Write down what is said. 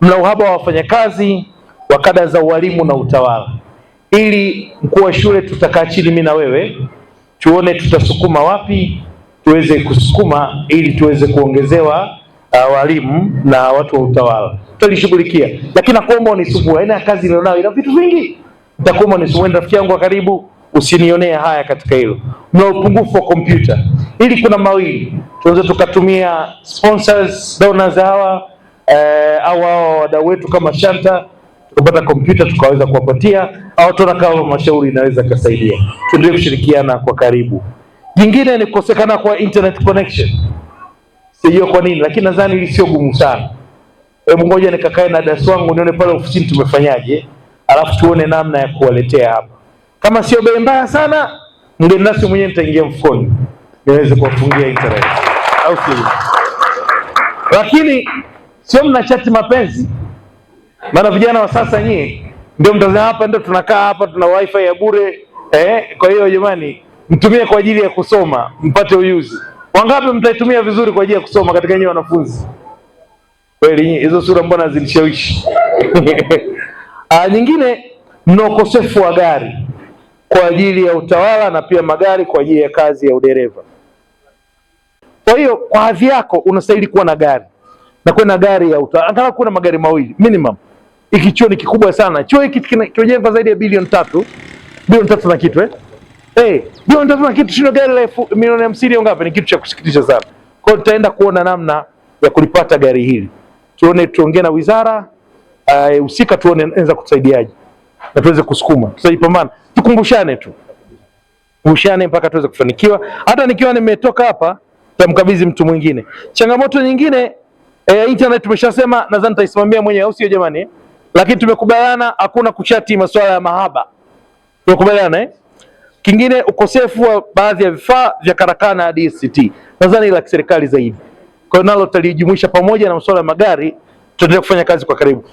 mna uhaba wa wafanyakazi wa kada za ualimu na utawala. Ili mkuu wa shule, tutakaa chini mimi na wewe tuone tutasukuma wapi tuweze kusukuma ili tuweze kuongezewa uh, walimu na watu wa utawala tutalishughulikia, lakini nakuomba unisumbue. Aina ya kazi nilionayo ina vitu vingi, nitakuomba unisumbue. Rafiki yangu wa karibu, usinionee haya katika hilo. Mna upungufu wa kompyuta, ili kuna mawili tunaweza tukatumia sponsors, donors hawa eh, au hao wadau wetu kama Shanta tukapata kompyuta tukaweza kuwapatia, au tuna kama halmashauri inaweza ikasaidia, tuendelee kushirikiana kwa karibu. Jingine ni kukosekana kwa internet connection, sijua kwa nini, lakini nadhani hili sio gumu sana. Hebu ngoja nikakae na dasi wangu nione pale ofisini tumefanyaje, alafu tuone namna ya kuwaletea hapa. Kama sio bei mbaya sana, mgeni nasi mwenyewe nitaingia mfukoni niweze kuwafungia internet, au sio? Lakini sio chati mapenzi. Maana vijana wa sasa nyie ndio mtazama hapa, ndio tunakaa hapa, tuna wifi ya bure eh. Kwa hiyo jamani, mtumie kwa ajili ya kusoma mpate ujuzi. Wangapi mtaitumia vizuri kwa ajili ya kusoma katika nyie wanafunzi? Kweli hizo sura mbona zilishawishi? Ah, nyingine mna ukosefu wa gari kwa ajili ya utawala na pia magari kwa ajili ya kazi ya udereva. Kwa hiyo kwa hadhi yako unastahili kuwa na gari na kwenda gari ya uta angalau kuna magari mawili minimum. Hiki chuo ni kikubwa sana, chuo hiki kimejengwa zaidi ya bilioni tatu bilioni tatu na kitu eh eh, bilioni tatu na kitu, shino gari la milioni hamsini au ngapi? Ni kitu cha kusikitisha sana. Kwa hiyo tutaenda kuona namna ya kulipata gari hili, tuone, tuongee na wizara eh, husika, uh, tuone naweza kutusaidiaje na tuweze kusukuma, tutajipambana, tukumbushane tu ushane mpaka tuweze kufanikiwa. Hata nikiwa nimetoka hapa, tamkabidhi mtu mwingine. Changamoto nyingine e, internet tumeshasema, nadhani nitaisimamia mwenyewe, au sio jamani? Lakini tumekubaliana hakuna kuchati masuala ya mahaba, tumekubaliana eh? Kingine ukosefu wa baadhi ya vifaa vya karakana ya DCT, e nadhani la serikali zaidi. Kwa hiyo nalo talijumuisha pamoja na masuala ya magari, tutaendelea kufanya kazi kwa karibu.